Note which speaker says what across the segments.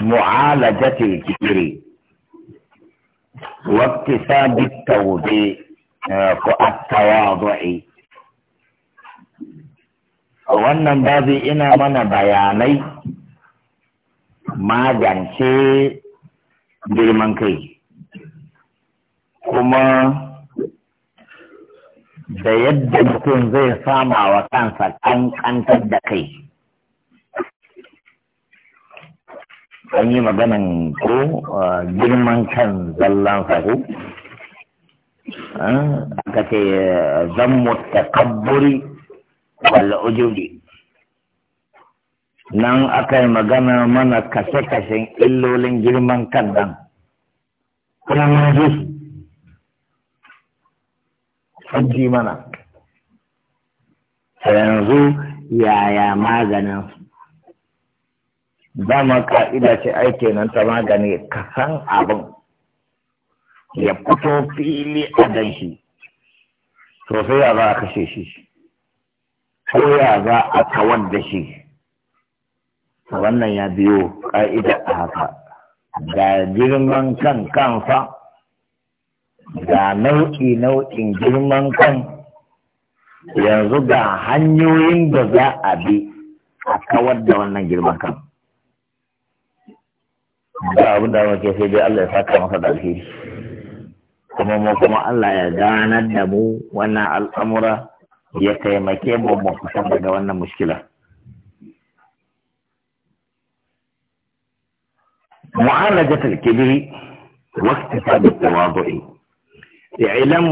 Speaker 1: معالجة الكبر واكتساب التوضيع التواضع wannan babu ina mana bayanai magance girman kai kuma da yadda mutum zai sama wa kansa kankantar da kai an yi maganan ko girman kan zallan ko aka ce zammu takabburi wala ujudi nan aka yi magana mana kashe-kashen illolin girman kan dan kuma mun mana yanzu yaya maganin ma ka'ida ce aike nan ta magani ka san abin ya fito fili a dan shi to sai ya za a kashe shi ko ya za a kawar da shi wannan ya biyo ka'ida a haka ga girman kan kansa ga nau'i nau'in girman kan yanzu ga hanyoyin da za a bi a kawar da wannan girman kan ba abin da muke sai dai Allah ya saka masa da alheri kuma mu kuma Allah ya ganar da mu wannan al'amura ya taimake mu mu fita daga wannan mushkila معالجة الكبر واكتساب التواضع اعلم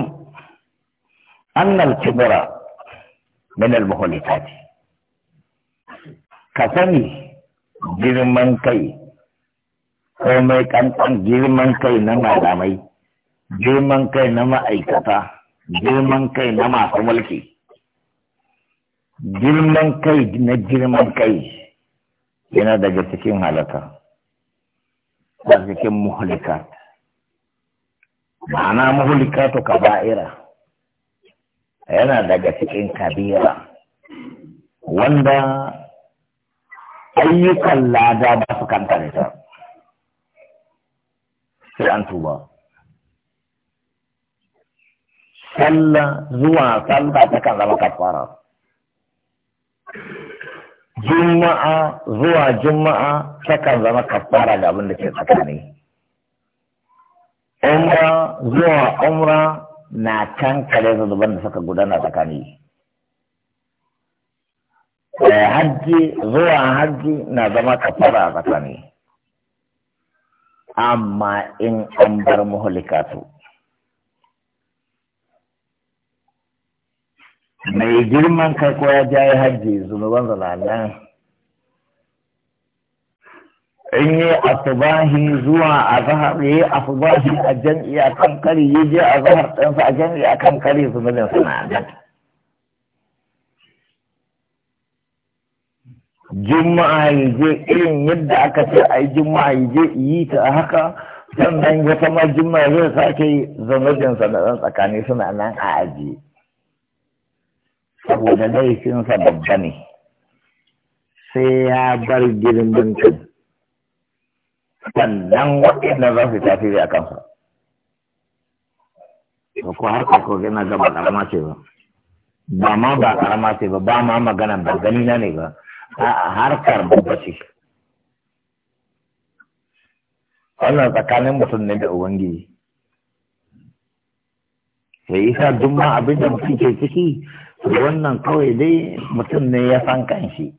Speaker 1: أن الكبر من المهلكات كثني جرمان كي mai kankan girman kai na malamai girman kai na ma'aikata girman kai na masu mulki girman kai na girman kai yana daga cikin halaka daga cikin muhulika ma'ana muhulika to ka kaba'ira yana daga cikin kabira wanda ayyukan lada ba su kanta da sai an tuba sallah zuwa sallah ta kan zama kafara juma'a zuwa juma'a ta kan zama kafara da abin da ke tsakani umra zuwa umra na kare zuban da suka gudana tsakani eh, hajji zuwa hajji na zama kafara a tsakani amma in an bar muhallikatu mai girman kai ko ya ja hajji zunuban zalalan in yi asubahi zuwa a zahar yi asubahi a jan'i a kan kari yi je a zahar ɗansa a jan'i a kan kari zunubin suna nan juma'a ya je irin yadda aka ce a yi juma'a ya je yi ta haka sannan ya ma juma'a zai sake zanajinsa da tsakani suna nan a ajiye saboda laifinsa babba ne sai ya bar girin kan sannan waɗanda za su tafi a kansa to ko har ko yana gaba karama ce ba ba ma ba karama ce ba ba ma magana ba gani na ne ba a harkar bambaci wannan tsakanin mutum ne da ubangiji ya yi sa duk ma abin da mutum ke ciki wannan kawai dai mutum ne ya san kanshi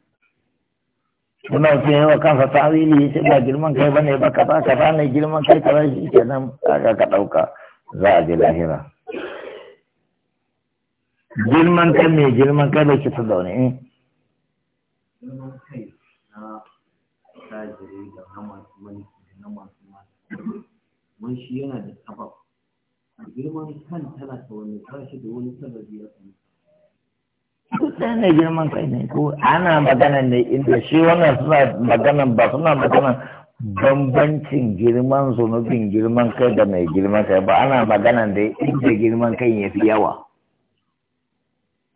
Speaker 1: suna mutum ya yi wa kansa tawili ya ce ba girman kai ba ne ba kaza kaza ne girman kai kaza shi kenan aka ka ɗauka za a je lahira girman kai mai girman kai da shi ta zaune girman kai na tajiri da na masu mulki da na masu mata mun shi yana da sabab girman kan tana ta wani tashi da wani sababi ya sami sai ne girman kai ne ko ana magana ne inda shi wannan suna magana ba suna magana bambancin girman zunubin girman kai da mai girman kai ba ana magana da inda girman kai ya fi yawa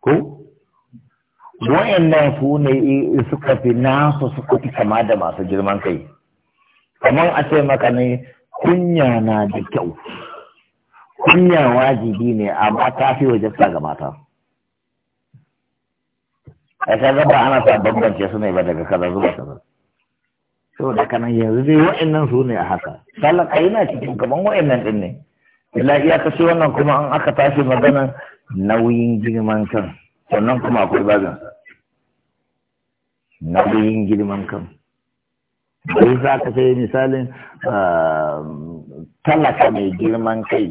Speaker 1: ko Wayannan su ne suka fi nasu suka fi kama da masu girman kai kamar a ce maka ne kunya na da kyau kunya wajibi ne amma ta fi wajabta ga mata a ka gaba ana sa bambance su ne ba daga kaza zuwa kaza da kana yanzu dai wayannan su ne a haka talaka yana cikin kaman wayannan din ne illa iya kashe wannan kuma an aka tashi maganan nauyin girman kan sannan kuma akwai bazan na yin girman kan bai za ka sai misalin ah, talaka mai girman kai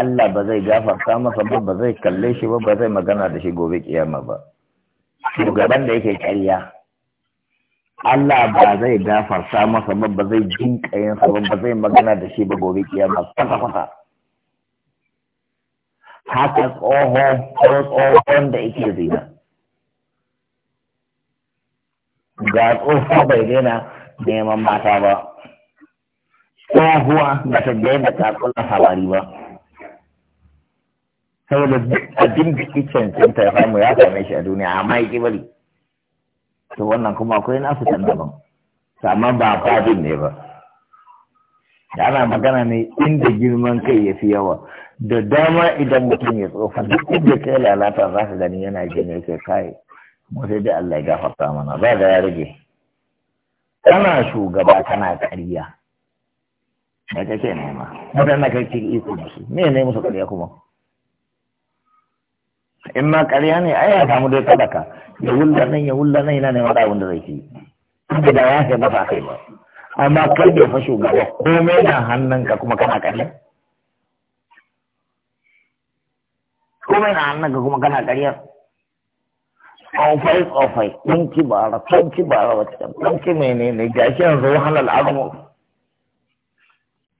Speaker 1: Allah ba zai gafarta masa ba ba zai kalle shi ba ba zai magana da shi gobe kiyama ba shugaban da yake karya, Allah ba zai gafarta masa ba ba zai jinkayin sa ba ba zai magana da shi ba gobe kiyama kwata kwata haka tsoho ko tsohon da yake zina ga tsoho bai daina neman mata ba tsohuwa ba ta daina takunan hawari ba saboda duk abin da kicin cinta ya samu ya same shi a duniya amma ya ki bari to wannan kuma akwai nasu can daban amma ba fadin ne ba da ana magana ne inda girman kai ya fi yawa da dama idan mutum ya tsofa duk da kai lalata za ka gani yana gina yake kai mu sai dai Allah ya gafarta mana za ga ya rage kana shugaba kana ƙarya da kake nema wadanda kai cikin iko da su me ne musu ƙarya kuma in ma ƙarya ne ai ya samu dai sadaka ya wulla nan ya wulla nan yana neman abin da zai ci da ya sai mafa sa kai ba amma kai da fa shugaba komai na hannunka kuma kana ƙarya komai na ka kuma kana ƙaryar tsofai tsofai ɗinki bara ɗinki bara wacce ɗinki menene gashi yanzu wahalar armo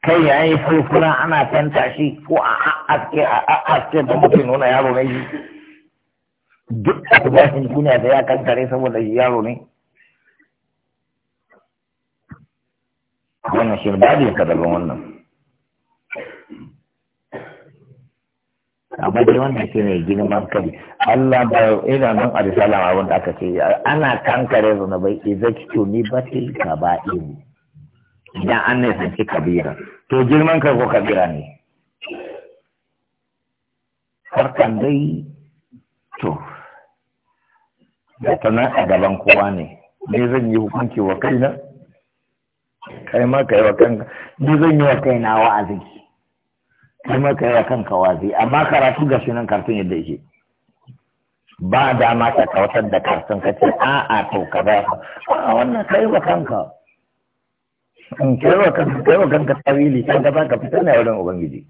Speaker 1: kai ya yi fulfula ana fenta shi ko a aske a aske da mutum nuna yaro ne shi duk albashin duniya da ya kankare saboda shi yaro ne wannan shi ba da daban wannan amma dai wannan shi ne girman kai Allah ba ina nan a risala ma wanda aka ce ana kankare bai izaki ni ka ba kaba'in idan an ne sanci kabira to girman kai ko kabira ne farkan dai to da nan a gaban kowa ne ne zan yi hukunci wa kaina kai ma kai wa kanka ni zan yi wa kaina wa'azi kuma ka yi kanka wazi amma karatu ga shi nan yadda yake ba dama ka kawatar da kartun ka ce a'a to ka ba a wannan kai wa kanka in kai wa kanka kai wa kanka tawili kan ka ka fitar na wurin ubangiji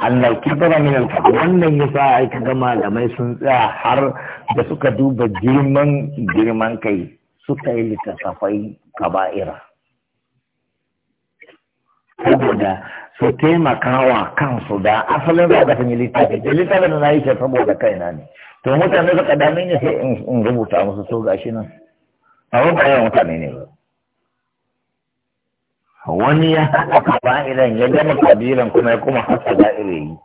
Speaker 1: Allah kibara min al wannan yasa ai kaga malamai sun tsaya har da suka duba girman girman kai suka yi littattafai kaba'ira saboda su taimakawa kansu da asalin za ka yi littafi da littafin na yi shi saboda kaina ne to mutane suka dami ne sai in rubuta musu ga shi nan a wani bayan mutane ne ba wani ya haɗa idan ya gama kabilan kuma ya kuma hasa iri yi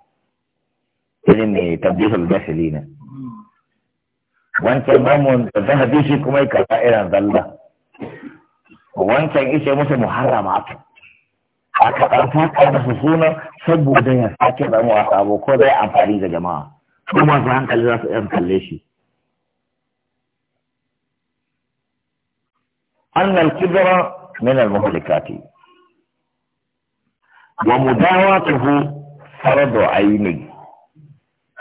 Speaker 1: irin mai tabbihul basiri ne wancan mamun da zahabi shi kuma ya irin zalla wancan ishe musu muharramatu aka ɗan da su suna saboda ya sake ɗan wasa abu ko zai amfani da jama'a ko masu hankali za su ɗan kalle shi annal kibra min al muhlikati wa sarar da aini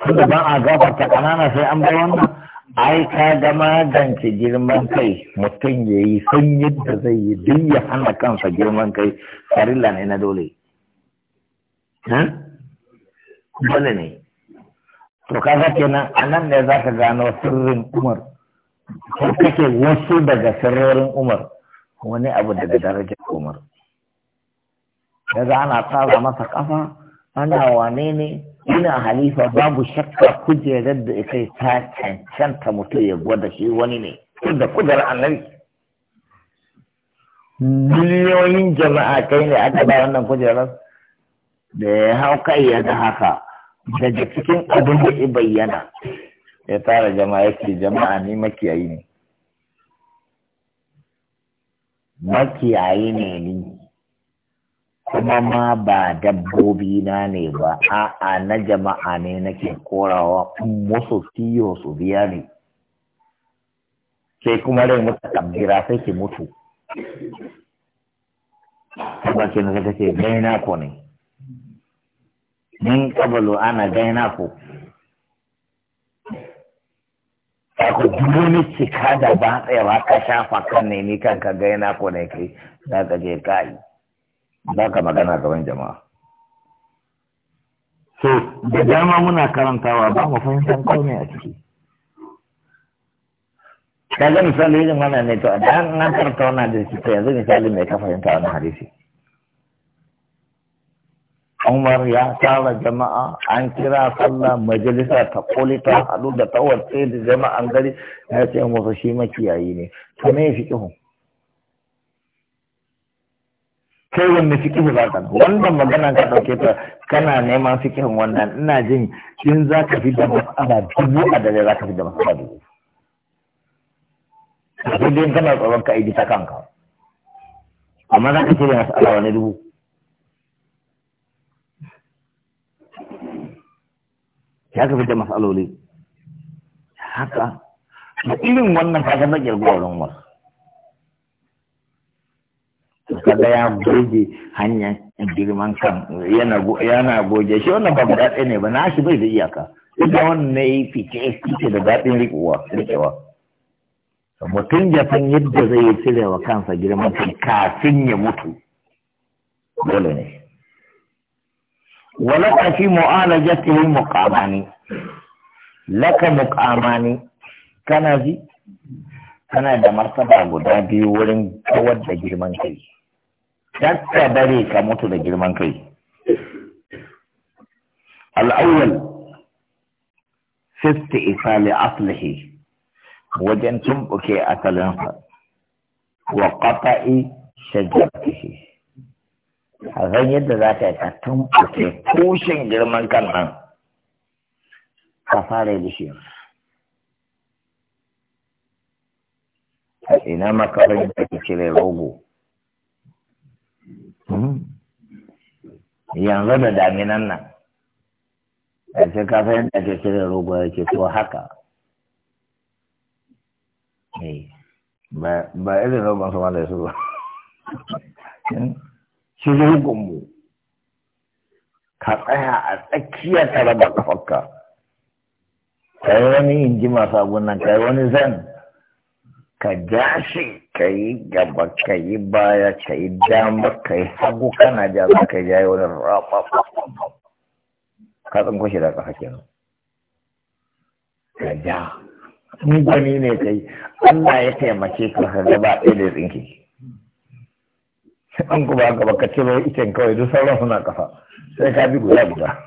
Speaker 1: kuma ba a gafarta ƙanana sai an bai wannan ai ka ga magance girman kai mutum ya yi san yadda zai yi duk ya hana kansa girman kai farilla ne na dole hmm? dole ne to ga kenan a nan ne za ka gano sirrin umar ko kake wasu daga sirrin umar wani abu daga darajar umar yanzu ana tsara masa kafa ana wane ne ina halifa babu shakka kujerar da ita ta cancanta mutum ya gwada shi wani ne da kudar annabi miliyoyin jama'a kai ne aka ba wannan kujerar da ya hau kai ya ga haka daga cikin abin da ya bayyana ya tara jama'a yake jama'a ni makiyayi ne makiyayi ne ni kuma ma ba dabbobi na ne ba a'a na jama'a ne nake korawa musu kiyo su biya ne sai kuma rai mutu kabbira sai ki mutu ba ke na kace gaina ko ne min kabalu ana gaina ko ko duk cika da ba tsaya ba ka shafa kan ne ni kanka gaina ko ne kai za ka je kai ba ka magana gaban jama'a so da dama muna karantawa ba mu fahimtar komai a ciki ka ga misali yin wannan ne to a da na karanta wannan da shi to yanzu misali mai ka fahimta wani hadisi Umar ya tara jama'a an kira sallah majalisa ta koli ta haɗu da tawar da jama'an gari ya ce masa shi makiyayi ne to me ya fi kihun kai wanne fikihi za ka wannan magana ka dauke ta kana neman fikihin wannan ina jin in za ka fi da mas'ala dubu a dare za ka fi da mas'ala dubu sai dai kana tsoron ka aiki ta kanka amma za ka ce da mas'ala wani dubu ya ka fi da mas'aloli haka da irin wannan ka ga na girgowar wasu kaga ya goge hanyar girman kan yana goge shi wannan ba guda ne ba na shi bai da iyaka ita wannan ne yi fice fice da daɗin riƙewa riƙewa mutum ya san yadda zai yi cire wa kansa girman kan kafin ya mutu dole ne ka fi mu'alajatihi muqamani laka muqamani kana ji kana da martaba guda biyu wurin kawar da girman kai kakka bari ka mutu da girman kai al'awwal fisti isali aslihi wajen tumbuke asalinsa wa qata'i shajaratihi a san yadda za ka yi ka tumbuke tushen girman kan nan ka fara bishiyar ina makarar da ke cire rogo Hmm. yanzu da daminan nan ƙarshe kafa da ke cire rogo yake ko haka eh, ba irin rogon su da su ba shi rogonmu ka tsaya a tsakiyar ka da kafarka ka yi wani inji masu abun nan ka yi wani zan ka ja shi ka yi gaba ka yi baya ka yi dama ka yi hagu kana ja za ka jaye wani rafa ka tsinko shi da ƙasa kenan ka ja ni gani ne ka yi Allah ya taimake ka ka gaba ɗaya da tsinki an kuma haka ba ka ciro icen kawai duk sauran suna kafa. sai ka bi guda guda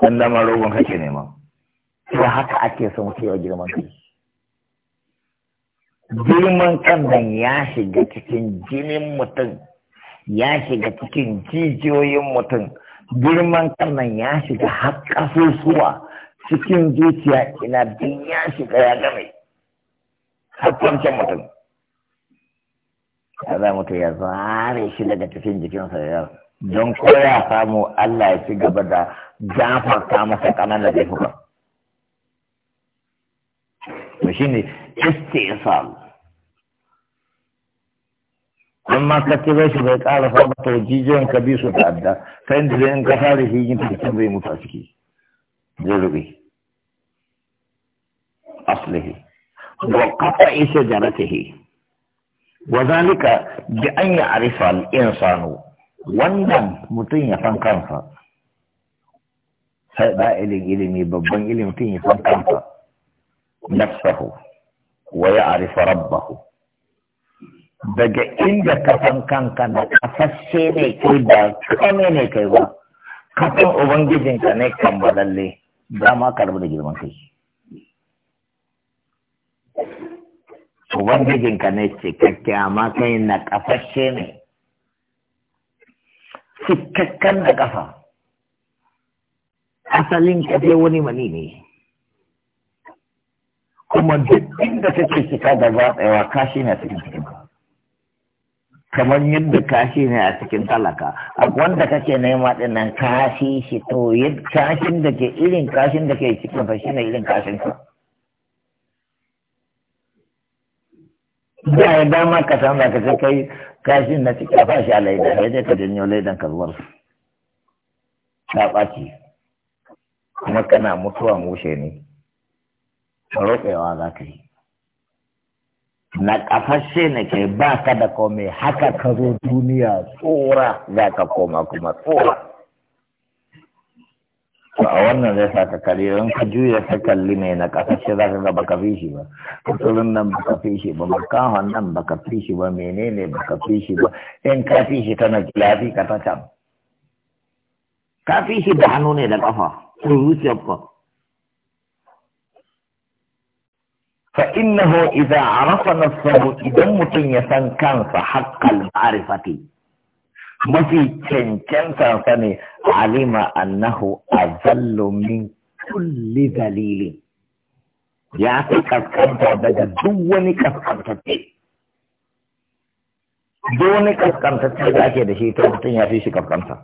Speaker 1: dan dama rogon kake nema Sai haka ake son kewa girman kai girman kan ya shiga cikin jinin mutum ya shiga cikin jijiyoyin mutum girman kan ya shiga har cikin zuciya ina bin ya shiga ya game har mutum ya za mutu ya zare shi daga cikin jikinsa ya don ko ya samu Allah ya ci gaba da gafarta masa ƙananan laifuka to shine istisal أما كتبه قال فقط وجيزين كبير سبعدا فإن ذلك فاله يجب تكون به متعسكي ضروري أصله وقطع شجرته وذلك بأن يعرف الإنسان وندم متين يفن كنفا هذا ببن إلي متين يفن نفسه ويعرف ربه daga inda ka san kanka da kasashe ne kai da kame ne kai ba ka san ubangijinka ne balalle ba ma ka rabu da girman kai ubangijinka ne cikakke amma kai na kasashe ne cikakken da kafa asalin ka wani mani ne kuma duk inda kake cika da zaɓewa kashi na cikin cikin kamar yadda kashi ne a cikin talaka a wanda kake nema din kashi shi to kashin da ke irin kashin da ke cikin fa ne irin kashin ka da ya dama ka san da kake kai kashin na cikin fa shi alai da sai ka janyo laidan ka zuwar ka ɓaci kuma kana mutuwa mushe ne roƙewa za ka yi na kafashe ne ke ba ka da kome haka ka zo duniya tsora za ka koma kuma tsora to a wannan zai saka kare in ka juya ka kalli mai na kafashe za ka ga baka fi shi ba kusurin nan baka fi shi ba makahon nan baka fi shi ba menene baka fi shi ba in ka fi shi tana lafi ka ta can ka fi shi da hannu ne da kafa ko zuciyar ka فإنه إذا عرف نفسه إذا متن يسن كان حق المعرفة ما في كان سنسني علم أنه أذل من كل ذليل يا كسكنت دجا دوني كسكنت دوني كسكنت تلاقي دشي تو متن يفيش كسكنت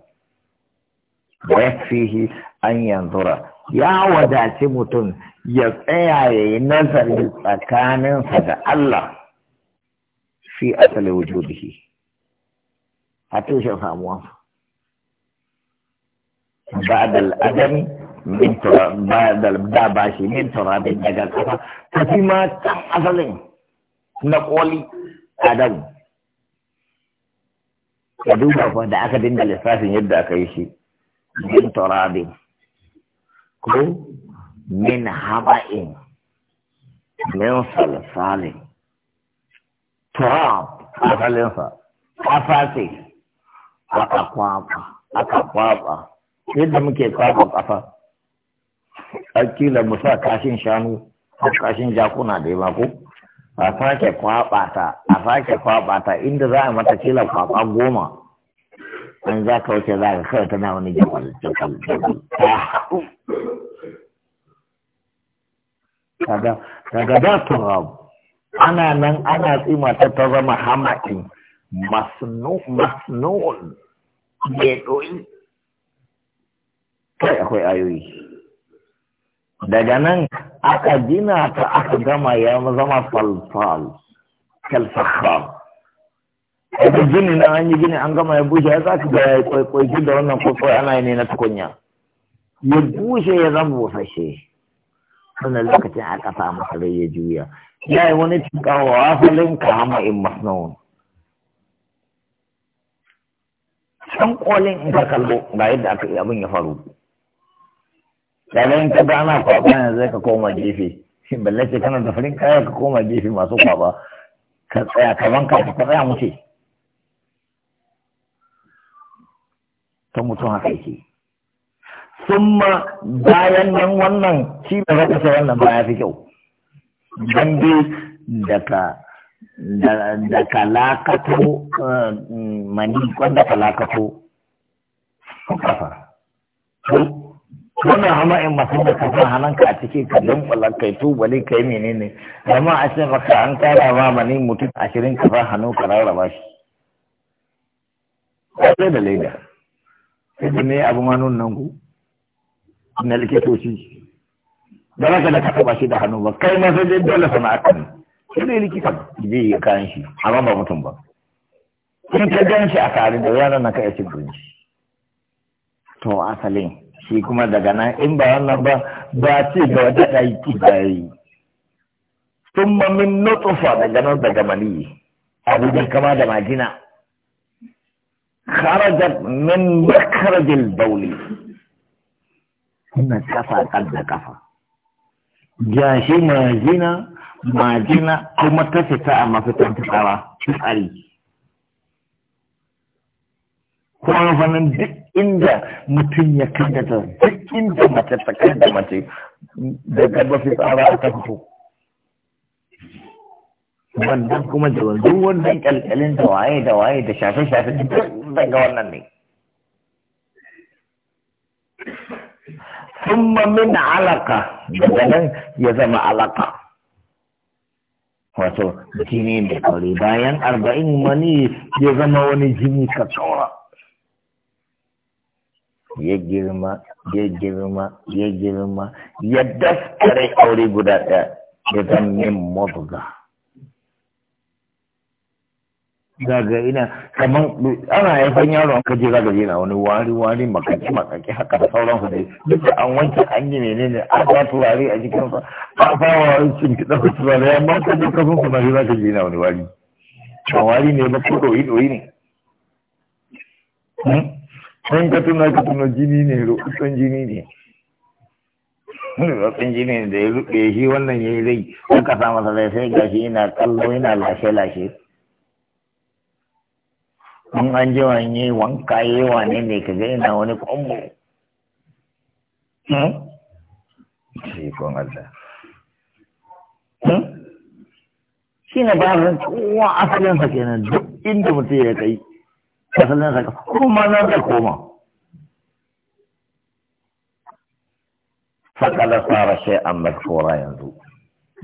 Speaker 1: ويكفيه أن ينظر ya wadaci mutum ya tsaya ya yi nazari tsakaninsa da Allah fi asali wujudihi a tushen samuwansa بعد الأدم من تراب daga الداباشي ta fi ma أفا asalin na koli Adam. ka duba fa da aka dinga lissafin yadda aka yi shi min turabin ko min haba'in min salsalin turab asalinsa kafa ce aka kwaba aka kwaba yadda muke kwaba kafa akila mu sa kashin shanu ko kashin jakuna da yawa ko a sake kwaba ta a sake kwaba ta inda za a mata kila kwaba goma an za ka wuce za ka kawai tana wani jama'a da jamal kaga kaga da turab ana nan ana tsima ta ta zama hamaki masnu'un ya doyi kai akwai ayoyi daga nan aka gina ta aka gama ya zama falfal kalfakhar da gini na an yi gini an gama ya bushe ya zaka ga ya kwaikwaiki da wannan kwaikwai ana yi ne na tukunya ya bushe ya zama busashe sannan lokacin a ƙasa masa rai ya juya ya yi wani tukawa wasalin ka hama in masnawun can kolin in ka kallo ga yadda aka yi abin ya faru ɗalin ka gana kwaɓa yanzu zai ka koma gefe balle ce kana da farin kaya ka koma gefe masu kwaba ka tsaya kaman ka ka tsaya mutu ta mutum haka yake summa bayan nan wannan shi da zaka sai wannan baya fi kyau dan dai daga da kalakato eh, mani kwanda kalakato kafa wannan hama in masu da kafin ka a cikin ka dunkula kai bale kai menene amma a ce baka an kara ma mani mutum ashirin kafa hannu ka rarraba shi da leda sai ne abu nun nan ku na likitoci ba za ka da ka shi da hannu ba kai ma sai dole sana'a kan sai ne likita zai yi kayan shi amma ba mutum ba in ka gan shi a tare da yaran na kai cin to asalin shi kuma daga nan in ba wannan ba ba ce ga wata ɗaya ba ya yi sun mamin nutsufa daga nan daga maniyi abu kama da majina خرجت من مخرج البول هنا كفى قد كفى جاشي ماجنا ماجنا كما تفتا ما فتن تقرا تسألي kuma fannin duk inda mutum ya kaddata duk inda mace ta kaddata mace daga mafi tsara ta fito wannan kuma da wanzu wannan kyalkyalin da waye da waye da shafe-shafe duk daga wannan ne summa min alaka daga nan ya zama alaka wato jini mai kauri bayan arba'in mani ya zama wani jini ka tsora ya girma ya girma ya girma ya daskare aure guda ɗaya ya zama min mabuga zaga ina kaman ana haifan yaro an kaje zaga yana wani wari wari makaki makaki haka da sauran hudu duk da an wanke an yi menene an ba turare a jikin sa an fara cin kiɗa da turare amma ka ne kafin ku na zaka je yana wani wari ba wari ne ba ko doyi ɗoyi ne hmm? sun ka tuna ka tuna jini ne rubutun jini ne rubutun jini ne da ya rube shi wannan ya yi rai suka sa masa rai sai gashi yana kallo yana lashe lashe in an ji wani wanka yi wane ne ka gani na wani kwanmu hmm? shi kwan hmm? shi na ba su kowa asalinsa ke nan duk inda mutu ya kai asalinsa ka kuma nan da koma fakala tsara shi a mazakura yanzu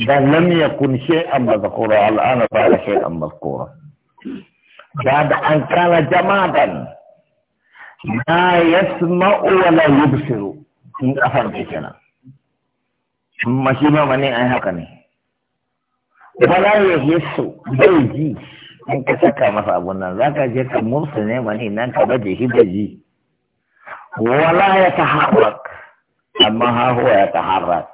Speaker 1: da lam yakun shi a mazakura al'ana tsara shi a mazakura bada an kana jama'an ma ya sma'u wala yubsiru in kafar da kenan amma shi ba ai haka ne wala ya yesu bai ji in ka saka masa abun nan za ka je ka mursu ne mane nan ka baje shi ji wala ya taharrak amma ha ya taharrak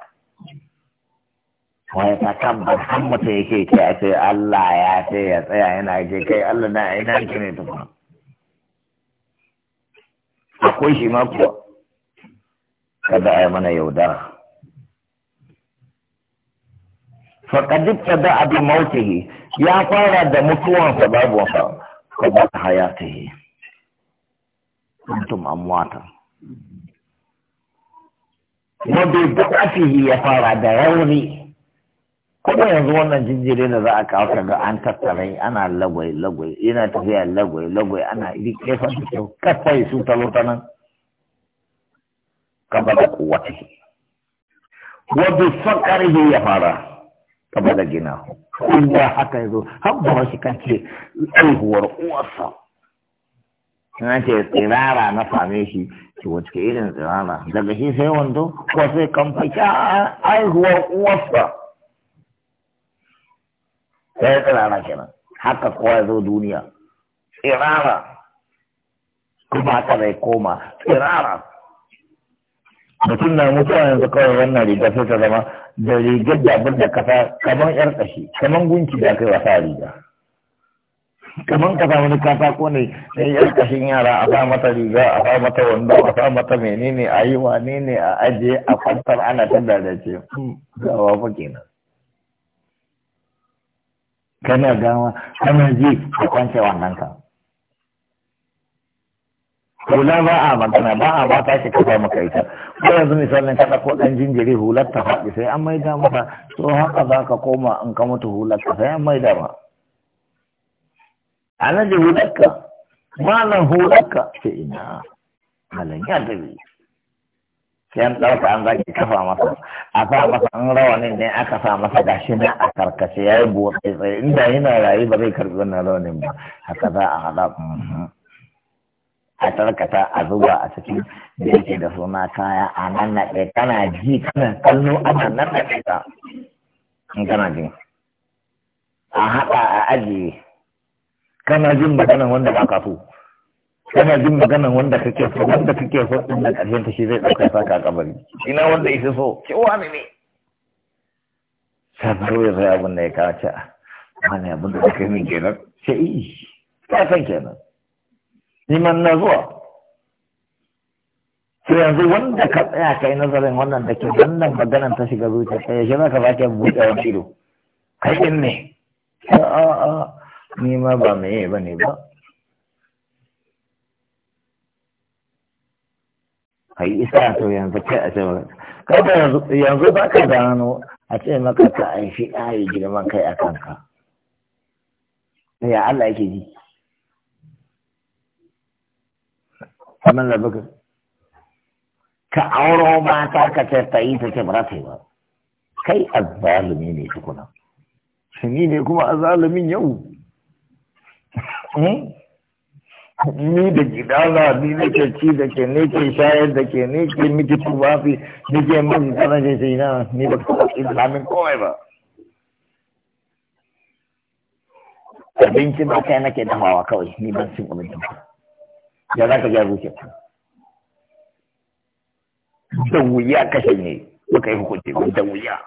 Speaker 1: ويتكبر حمتي أنا أنا أنا أنا أنا أنا أنا أنا هنا كي كي الله نا هنا كي نتفهم أقول شيء ما هو كذا يا من يودار فقد ابتدى بموته يا فارا دمتوان سبب وفاق حياته أنتم أمواتا وببقعته يا فارا دروني kuma yanzu wannan jinjiri da za a kawo ka ga an tattara ana lagwai lagwai yana tafiya lagwai lagwai ana iri kefa da kyau kafai su talo ta nan kaba da kuwati wa bi yi ya fara Ka da gina kuma haka yanzu har ba shi ce aihuwar uwarsa na ce tsirara na same shi ki wacce irin tsirara daga shi sai wando ko sai kamfa aihuwar uwarsa sai ta tsirara kenan haka kowa ya zo duniya tsirara kuma haka zai koma tsirara mutum na a yanzu kawai wannan riga sai ta zama da rigar da abin da kasa kamar yar kashi kamar gunki da kai wasa riga kamar kasa wani katako ne sai yar kashin yara a sa mata riga a sa mata wanda a sa mata menene a yi wane ne a ajiye a kwantar ana ta da ce hmm, gawa fa kenan kana gawa kana ji ka kwance wannan ka hula ba a magana ba a ba ta shi kafa maka ita ko yanzu misalin ka ko dan jinjiri hular ta faɗi sai an maida maka so haka za ka koma in ka mutu hular ka sai an maida ma a nan da hular ka malan hular ka sai ina malam ya dabi sayan ɗauka an zaki kafa masa a sa masa an rawanin ne aka sa masa gashi na a karkace ya yi buwa tsaye inda yana rayu ba zai karɓi wannan rawanin ba haka za a haɗa mhm. a tarkata a zuba a cikin da yake da suna kaya a nan na ɗaya kana ji kana kallo ana nan na ɗaya in kana ji a haɗa a ajiye kana jin maganan wanda ba kafu. kana jin magana wanda kake so wanda kake so din da karshen ta shi zai dauka saka a kabari ina wanda yake so ke wani ne sabaro ya zai abin da ya kace wani abin da kai min kenan sai yi ta san kenan ni man na zuwa sai yanzu wanda ka tsaya kai nazarin wannan da ke wannan maganan ta shiga zuciya sai ya za ka sake buɗe wani ido kai in ne a'a ni ma ba me ba ne ba kai isa to yanzu kai a ce maka kada yanzu ba ka da hannu a ce maka ka aishi ayi girman kai a kanka ya Allah yake ji kamar da baka ka auro mata ka ce ta yi ta ce ba ta yi ba kai azalumi ne tukuna shi ne kuma azalumin yau hmm? ni da gidala ni nake ci da ke ne ke shayar da ke ne ke miki tubafi ni ke min kana ce sai na ni ba ka islamin komai ba abinci ba kai nake damawa kawai ni ban cin abinci ba ya za ka ja zuciya da wuya kashe ne ba ka yi hukunci ba da wuya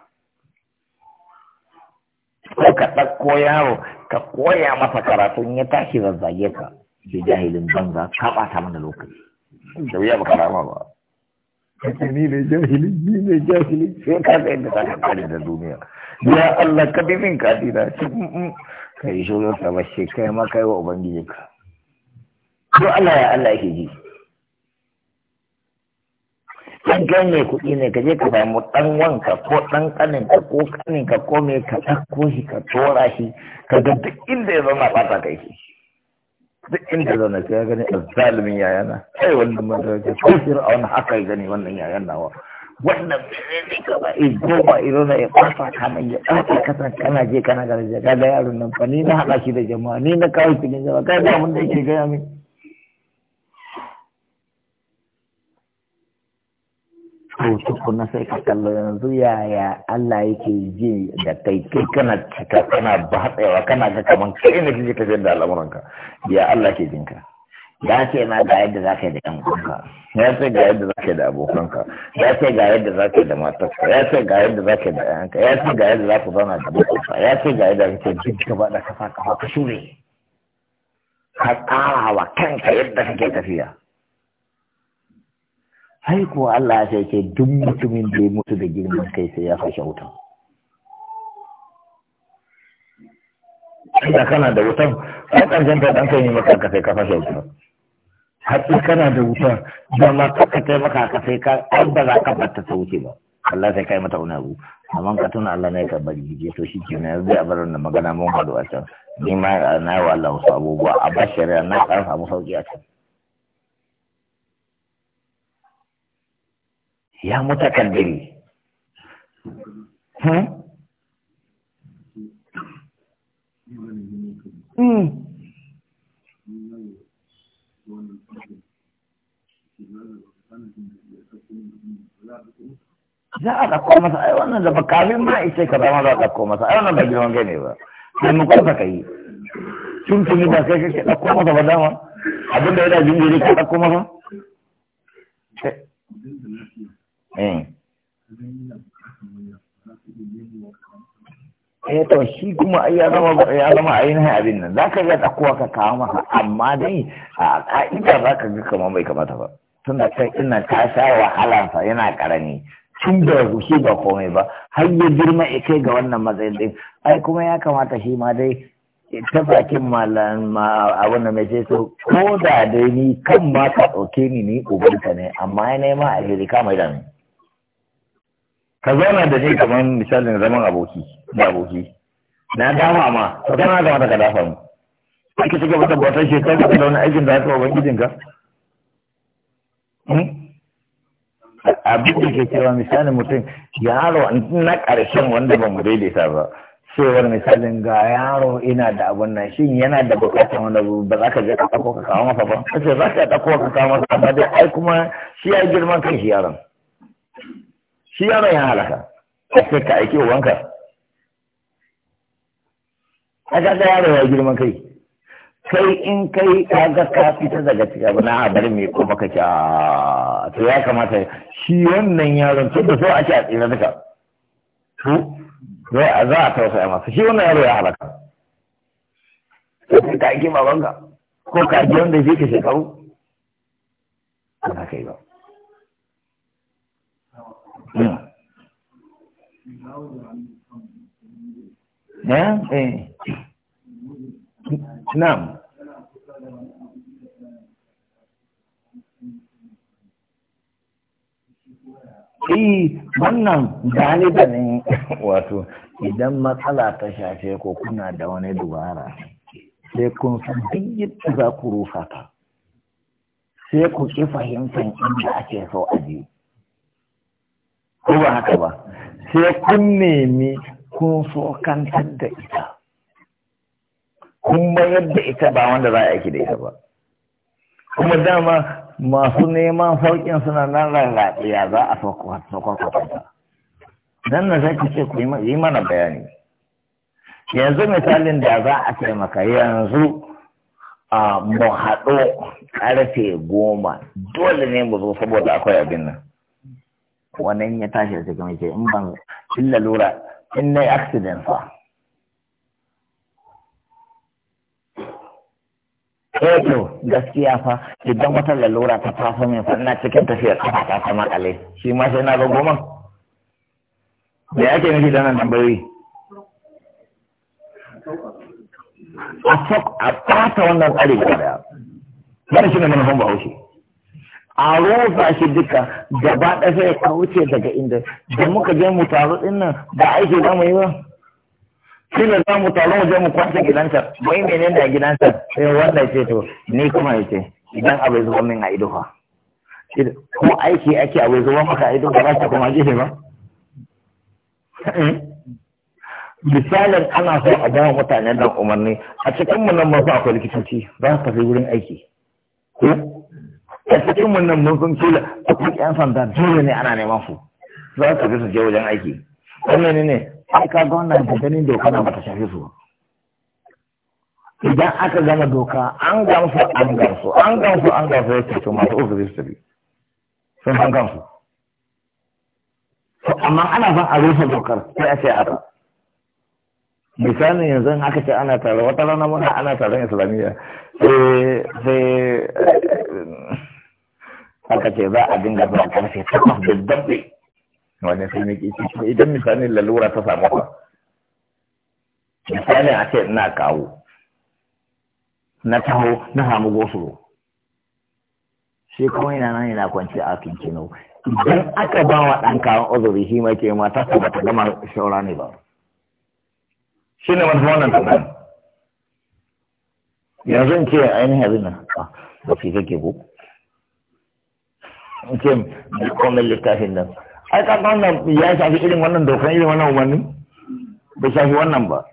Speaker 1: ko ka ɗauko yaro ka koya masa karatun ya tashi zazzage ka da jahilin banza ka ɓata mana lokaci da wuya ba rama ba kace ni ne jahili ni ne jahili sai ka ga inda ka kare da duniya ya Allah ka bi min kadira da kai shoyo ka bashe kai ma kai wa ubangiji ka to Allah ya Allah yake ji kan ganye kuɗi ne ka je ka samu ɗan wanka ko ɗan ƙaninka ko ƙaninka ko me ka ɗauko shi ka tora shi ka ga duk inda ya zama fata kai shi duk inda zana ka ya gani yaya yayana kai wannan madaraka ko fir'aun haka gani wannan yayan nawa wannan bai ka ba in goma iro na ya kwafa ka nan ya kwafa ka san kana je kana garaje ka ga yaron nan fa ni na haɗa shi da jama'a ni na kawo shi ne jama'a kai da mun da yake gaya min to tukuna sai ka kallo yanzu yaya Allah yake ji da kai kai kana cika kana ba tsayawa kana ga kaman kai ne kike tafiyar da al'amuranka ya Allah ke jin ka ya ce ma ga yadda za ka yi da ƴan uwanka ya ce ga yadda za ka yi da abokanka ya ce ga yadda za ka yi da matarka ya ce ga yadda za ka yi da ƴanka ya ce ga yadda za ku zauna da matarka ya ce ga yadda kake ka gaba da kafa kafa ka shure ka tsara wa kanka yadda kake tafiya sai ko Allah ya ce duk mutumin da ya mutu da girman kai sai ya fashe wutan Ina kana da wutan ai karshen ta ɗan kai maka ka sai ka fashe wutan hatsi kana da wutan da ma ka kai maka ka sai ka ai ba za ka batta ta wuce ba Allah sai kai mata wani abu amma ka tuna Allah ne ka bari je to shi kenan yanzu a bar wannan magana mun hadu a can ni ma na wa Allah wasu abubuwa a sharia na karfa mu sauki a can ya mutakaddiri hmm? hmm. za a ɗauko masa ai wannan da bakafin ma ice ka zama za a ɗauko masa ai wannan ba girman kai ne ba sai mu kwanta ka yi tun tuni ba sai kake ɗauko masa ba dama abinda yana jin jiri ka ɗauko masa eh. Eh. eh to shi kuma ya zama ya zama ainihin abin nan zaka ga kowa ka kawo maka amma dai a ka'ida zaka ga kamar bai kamata ba tun da kai ina ta sha wahala sa yana karami tun da shi ba komai ba har ya girma ya kai ga wannan matsayin din ai kuma ya kamata shi ma dai ta bakin malam abin da mai ce ko da dai ni kan ma ka ɗauke ni ni ubanta ne amma ya nema a mai kama idan ka zauna da shi kamar misalin zaman aboki da aboki na dama ma to kana da mata ka dafa mu ake shiga wata bautar shekaru da wani aikin da aka wa ka hmm? abin da ke cewa misalin mutum yaro na ƙarshen wanda ba mu daidaita ba cewar misalin ga yaro ina da abun nan shin yana da bukatar wanda ba za ka je ka ɗauko ka kawo masa ba kace za ka ɗauko ka kawo masa ba dai ai kuma shi ya girman kan shi yaron shi yaro ya halaka sai ka aiki wanka a kaga yaro ya girman kai kai in kai kaga ka fita daga cikin abu na abar mai ko maka kya, to ya kamata shi wannan yaron to da so ake a tsira duka to za a tausaya masa shi wannan yaro ya halaka kai ka aiki wanka, ko ka ji wanda zai ka shekaru ba kai ba Na'am. Eh, wannan galiba ne wato idan matsala ta shafe ko kuna da wani dubara sai kun san duk yadda za ku rufa ta sai ku ƙi fahimtar inda ake so a je ko ba haka ba sai kun nemi kun sokantar da ita kun bayar da ita ba wanda za a aiki da ita ba kuma dama masu neman sauƙin suna nan rarraɗiya za a saukar don na zai ce ku yi mana bayani yanzu misalin da za a taimaka yanzu a mu haɗo karfe goma dole ne mu zo saboda akwai abin nan wannan ya tashi da cikin ce in ban in lalura in na yi accident fa eh to gaskiya fa idan wata lalura ta taso min fa ina cikin tafiyar kafa ta sama kale shi ma sai na ga goma da yake nufi da nan tambayoyi a fata wannan tsari gaba daya. bari shi ne manufan bahaushe. a rufa shi duka gaba ɗaya ya ka wuce daga inda da muka je mu taru dinnan nan ba aiki za mu yi ba shi ne za mu taru mu je mu kwanta gidansa mai mene da gidansa sai wanda ya ce to ni kuma ya ce idan abai zuwa min a ido fa ko aiki ake abai zuwa maka a ido ba za kuma gefe ba hmm? misalin ana so a bawa mutane dan umarni a cikin mu nan ba akwai likitoci za su tafi wurin aiki ko hmm? a cikin wannan mun san kila akwai ƴan sanda dole ne ana neman su za su tafi su je wajen aiki wannan ne ne ai ka ga wannan da ganin doka na bata shafe su idan aka gama doka an gamsu an gamsu an gamsu an gamsu ya ce to masu uku zai tafi sun san kansu amma ana son a rufe dokar sai a ce a misalin yanzu aka ce ana tare wata rana muna ana taron islamiyya sai sai haka ce za a dinga zuwa karfe takwas da dabbe wani sai nake ci idan misalin lalura ta samu ba misali a ce ina kawo na taho na samu gosulo shi kuma yana nan yana kwanci a kino idan aka ba wa ɗan kawon uzuri shi mai ke mata ta gama shaura ne ba shi ne wata wannan tattalin yanzu in ce ainihin abin nan ah, ba fi kake buku. mutum da komai littafin nan ai ka wannan ya shafi irin wannan dokan irin wannan umarni bai shafi wannan ba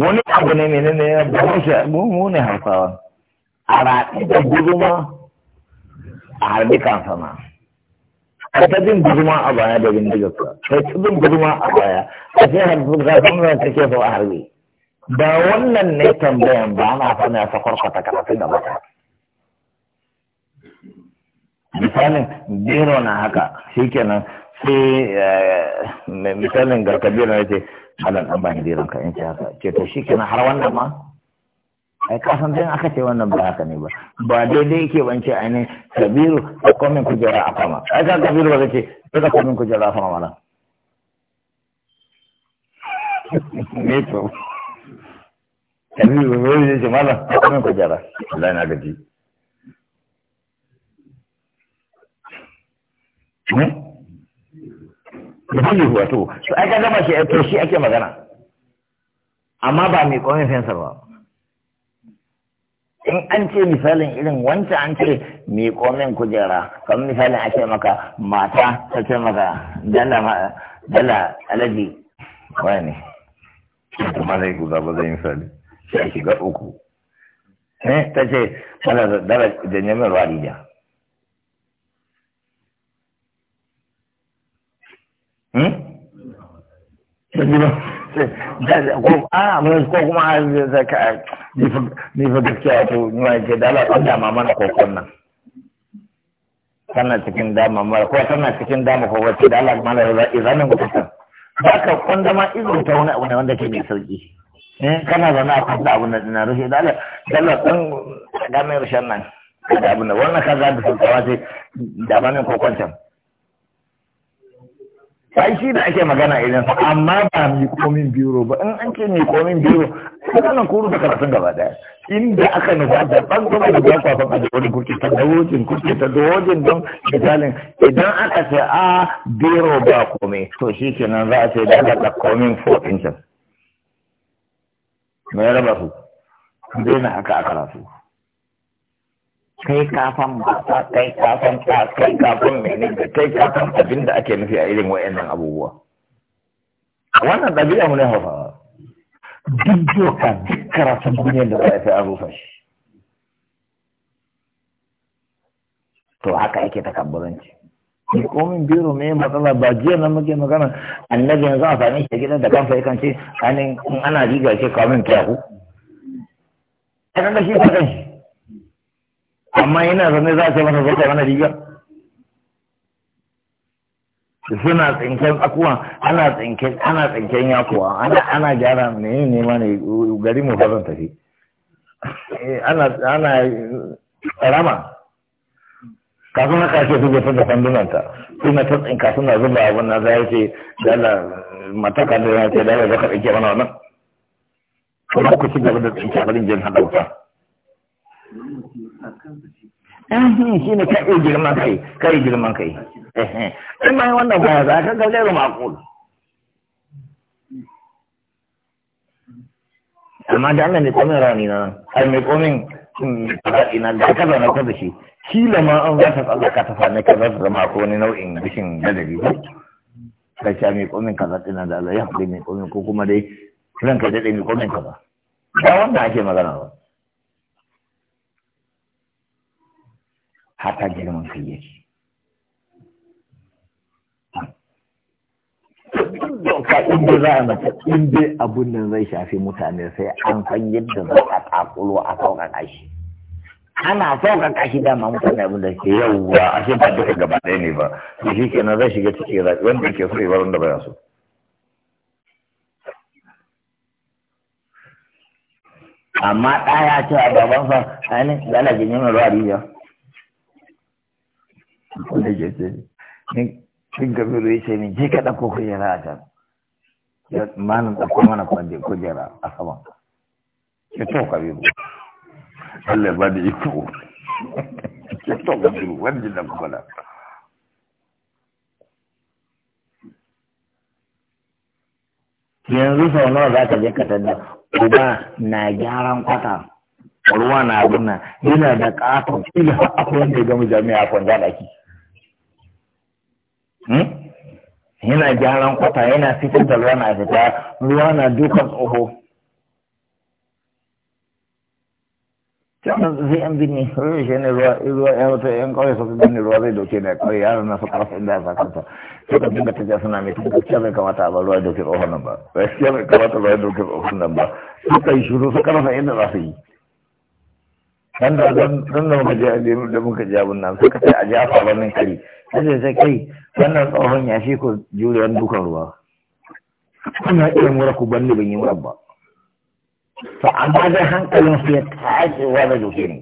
Speaker 1: wani abu ne ne ne ba mu ne hausawa a raɗi da guduma a harbi kansana ka ta bin guduma a baya da bindigarsa ka ta bin guduma a baya ka sai harbi kansana ka ke so a harbi da wannan ne tambayan ba na sani a sakwarkwata karatun da mata misalin bero na haka shikenan sai eh, misalin ga kabiru na ce halar an bani biron ka in ce haka ce to shikenan har wannan ma ai kasan dan aka ce wannan ba haka ne ba ba daidai yake ban ce ainihin kabiru a komin kujera a fama ai ka kabiru ba ce sai ka komin kujera a fama mana ne to kabiru ba zai ce mana komin kujera Allah na gaji da hmm? kulle kuwa to su ai gama shi to shi ake magana amma ba mai kwamin fensar ba in an ce misalin irin wancan an ce mai kwamin kujera kamar misalin ake maka mata ta ce maka dala dala alaji wani ne kuma zai ku zaba zai misali sai a shiga uku eh, ta ce da janye min rariya ko a mun ko kuma zaka ni fa gaskiya to ni ma ke da Allah dama mana kokon nan tana cikin dama mara ko tana cikin dama ko wacce da Allah mana izanin gutukan baka kwanda ma izin ta wani abu ne wanda ke mai sauki in kana zaune a kwanda abu na dinar rufe, da Allah da Allah dan ga mai rushen nan da abu na wannan kaza da sauƙawa ce da ba ne kokon can ai shi da ake magana idan amma ba mi komin biro ba in an ce mi komin biro kana kuru da karatun gaba daya inda aka nufa da ban kuma da ba kwafan a wani kurki ta dawojin kurki ta dawojin don misalin idan aka ce a biro ba komai to shi kenan za a ce da aka komin for inches raba su daina haka a karatu kai kafan mata kai kafan ta kai kafan mene da kai kafan abin da ake nufi a irin wa'annan abubuwa wannan ɗabi'a mu ne hausawa duk doka duk karatun duniyar da za a fi an shi to haka yake kabbalanci ni komin biro me matsala ba jiya nan muke magana annabi yanzu a sami shi gidan da kansa yakan ce ana riga ce kamin kyaku da shi ta kanshi amma yana zane za a ce masa zaka mana riga suna tsinken akuwa ana tsinken ana tsinken yakuwa ana ana gyara ne ne ma ne gari mu fara tafi eh, ana ana rama kafin haka ce su jefa da sandunanta suna ta tsinka suna zuba abin na zai ce dala mataka da ya ce dala zaka tsinke mana wannan kuma ku ci gaba da tsinke abin jin hadauta Ehe shi ne kai girman kai, kai girman kai. Ehe, in yi wannan baya za ka ga zai makul. Amma da Allah ne komin rani na nan, ai mai komin raɗi na da kaza ka da shi, shi ma an za ka tsalla ka tafa ne za ta zama ko wani nau'in bishin gadari Ka sha mai komin kaza na da Allah ya haɗe mai komin ko kuma dai ranka daɗe mai komin ba. Ba wanda ake magana ba. hata girman kai yake ka inda za a mace inda abun nan zai shafi mutane sai an san yadda za a kakulo a sauƙaƙa shi ana sauƙaƙa shi dama mutane abin da ke yawwa a shi ba duka gaba ɗaya ne ba to shi kenan zai shiga cikin zaɓi wanda ke so ibar wanda ya so amma ɗaya ce a babansa ainihin da ana jini mai ruwa rijiya wanda ke ce in kabiru ya ce min je ka ɗauko kujera a can ɗauko mana kwanje kujera a to kabiru Allah ba da iko ya to kabiru yanzu sau nawa za ka je ka tada uba na gyaran kwata ruwa na abin yana da ƙaton ila akwai wanda ya gama jami'a a da ɗaki Hmm? yana gyaran kwata yana fitar da ruwa na fita ruwa na dukan tsoho jama'a zai yan bini ruwa shi ne ruwa ya wata yan kawai suka binne ruwa zai doke na kawai yaron na su rasa inda ya sakanta suka dinga ta ja suna mai gaskiya bai kamata ba ruwa doke tsohon nan ba gaskiya bai kamata ruwa doke tsohon nan ba suka yi shuru suka rasa inda za su yi dan da dan da muka je abin da muka je abun nan ka ce a ji afa wannan kari sai sai kai wannan tsohon ya shi ko an dukan ruwa kuna iya mura ku banni ban yi mura ba to amma dai hankalin su ya tashi da doke ne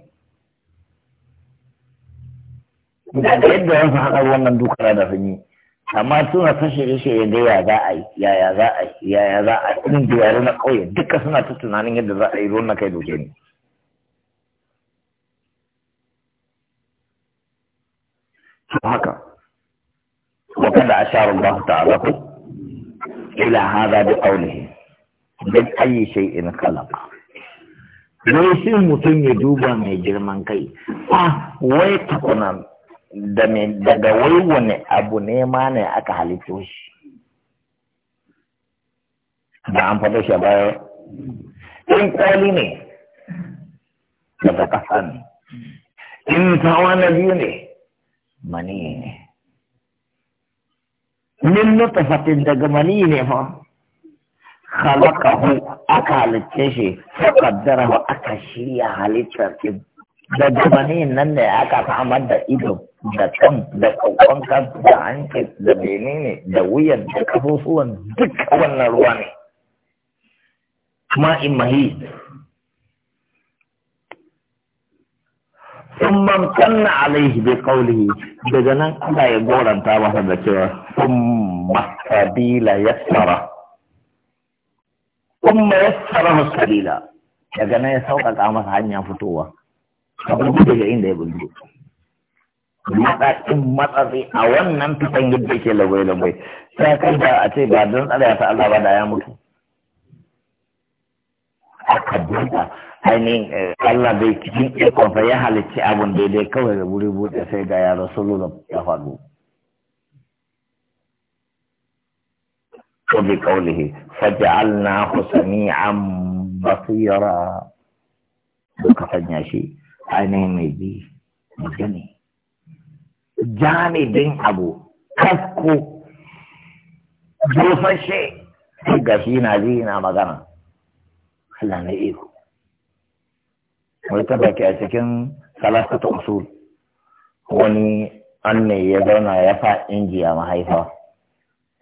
Speaker 2: da da yadda wasu haɗar
Speaker 1: wannan dukan da sun amma suna ta shirye-shirye da ya za a yi yaya za a yi yaya za a yi na ƙauye duka suna ta tunanin yadda za a yi ruwan na kai doke ne haka wa wakanda ashara Allah ta'ala ku ila hada bi qawlihi bin ayi shay'in khalaqa wai shi mutum ya duba mai girman kai ah wai tukuna da me daga wai wani abu ne ma ne aka halitto shi da an fado shi a baya in kwali ne daga kasa ne in tawa na biyu ne mani min nutfatin daga mani ne fa khalaqahu aka halicce shi faqaddarahu aka shirya halittar daga mani nan ne aka samar da ido da kan da kokon kan da hanci da menene da wuyan da kafofuwan duka wannan ruwa ne ma mahi sun man kanna alaihi bai kauli daga nan Allah ya goranta masa da cewa sun masabila ya tsara sun ma ya tsara masabila daga nan ya sauƙaƙa masa hanyar fitowa a bugu daga inda ya bugu matsatsin matsatsi a wannan fitan yadda ke lagwai-lagwai sai kai ba a ce ba don tsara ya ta Allah ba da ya mutu aka duba ainihin eh, Allah bai cikin ikonsa ya halicci abin daidai kawai da wuri buɗe sai ga ya da ya faɗo. bi kaulihi, faja'alnahu sami'an basira duka sanya shi ainihin mai bi mai gani. Janibin abu, kasko, zurfashe, ga shi na ji na magana. Allah na iko wai ta baki a cikin ta usul wani an ne ya zauna ya fa injiya mahaifa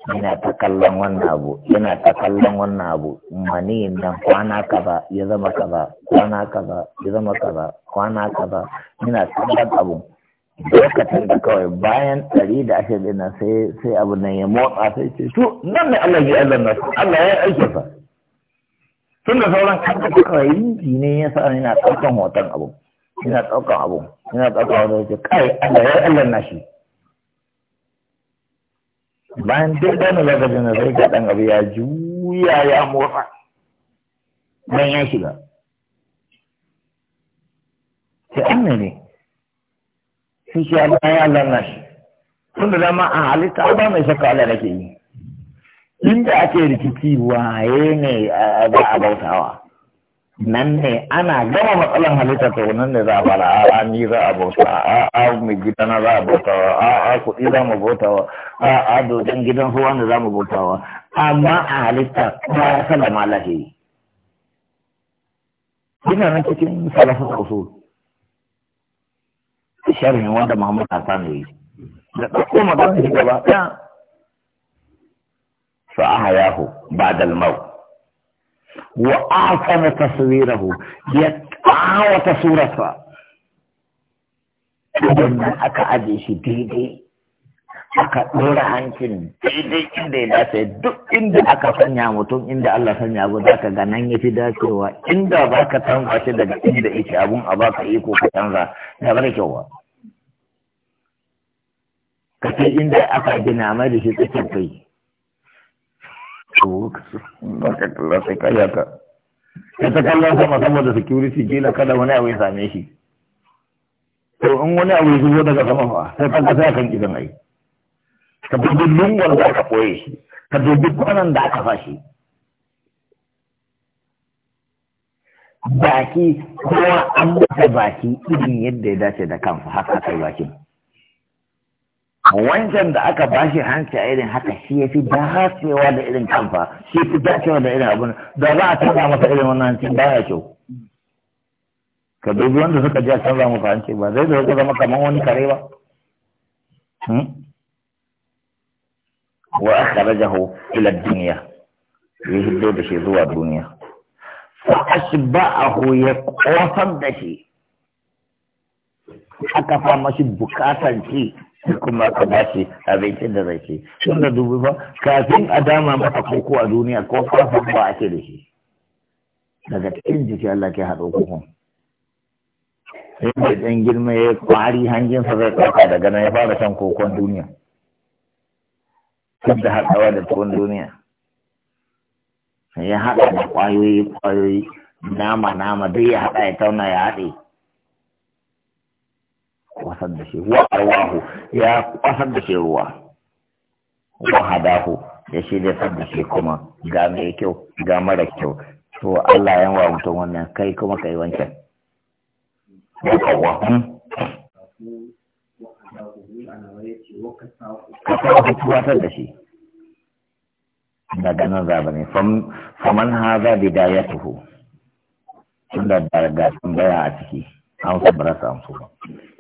Speaker 1: yana ta kallon wannan abu yana ta kallon wannan abu mani nan kwana kaza ya zama kaza kwana kaza ya zama kaza kwana kaza yana kallon abu lokacin da kawai bayan ɗari da ashirin dina sai abu nan ya motsa sai ce to nan ne Allah ya yi Allah nasu Allah ya aike sa tun da sauran kawai ne ya sa na ɗaukan hoton abu ina ɗaukan abu ina ɗaukan hoton yake kai Allah ya Allah na shi bayan duk na lokacin da sai ga ɗan abu ya juya ya motsa nan ya shiga sai an ne shi shi ya Allah na shi tun da dama a halitta ba mai shakka Allah ke yi inda ake rikici waye ne za a bautawa nan ne ana gama matsalan halitta to nan ne za a fara a ni za a bauta a a mai gidana za a bautawa a a kuɗi za mu bautawa a a dodon gidan ruwa ne za mu bautawa amma a halitta kuma ya salama lahi ina nan cikin salafin usul sharhin wanda Muhammad Hassan yi da ɗauko magana shi gaba ɗaya فأحياه wa a'tana وأعظم ya ta'awa tasurata idan aka aje shi daidai aka ɗora hancin daidai inda ya dace duk inda aka sanya mutum inda Allah sanya abu za ka ga nan ya dacewa inda ba ka canza shi daga inda yake abun a baka iko ka canza da bar kyau ba ka ce inda aka gina mai da shi tsakin kai baka ka ta kallon sama saboda security kila kada wani abu ya same shi to in wani abu ya zubo daga sama fa sai ka kasa kan gidan ai ka dubi lungon da aka koye shi ka dubi kwanan da aka fashi baki kuma an baki irin yadda ya dace da kansa haka kai bakin wancan da aka bashi hanci a irin haka shi ya fi dacewa da irin kamfa shi fi dacewa da irin abin da za a canza masa irin wannan hanci ba ya kyau ka dubi wanda suka ji a canza masa hanci ba zai zai zama kamar wani kare ba hmm? wa akhrajahu ila duniya, ya hiddo da shi zuwa duniya fa asba'ahu ya kofar da shi aka fa shi bukatan ci sai kuma ka ba shi abincin da zai ci tun da dubu ba kafin a dama masa koko a duniya ko kafa ba ake da shi daga cikin jiki Allah ke haɗo kokon sai mai ɗan girma ya kwari sa zai ɗauka daga nan ya fara shan kokon duniya duk da haɗawa da tuwon duniya ya haɗa da ƙwayoyi ƙwayoyi nama nama duk ya haɗa ya tauna ya haɗe kwasar da shi wa arwahu ya kwasar da shi ruwa wa hadahu ya shirya da shi kuma ga mai kyau ga mara kyau to Allah ya wa mutum wannan kai kuma kai wancan ka kawo hutuwatar da shi daga nan zaba ne faman haza bidayatuhu tun da daga tambaya a ciki an sabarata amsu ba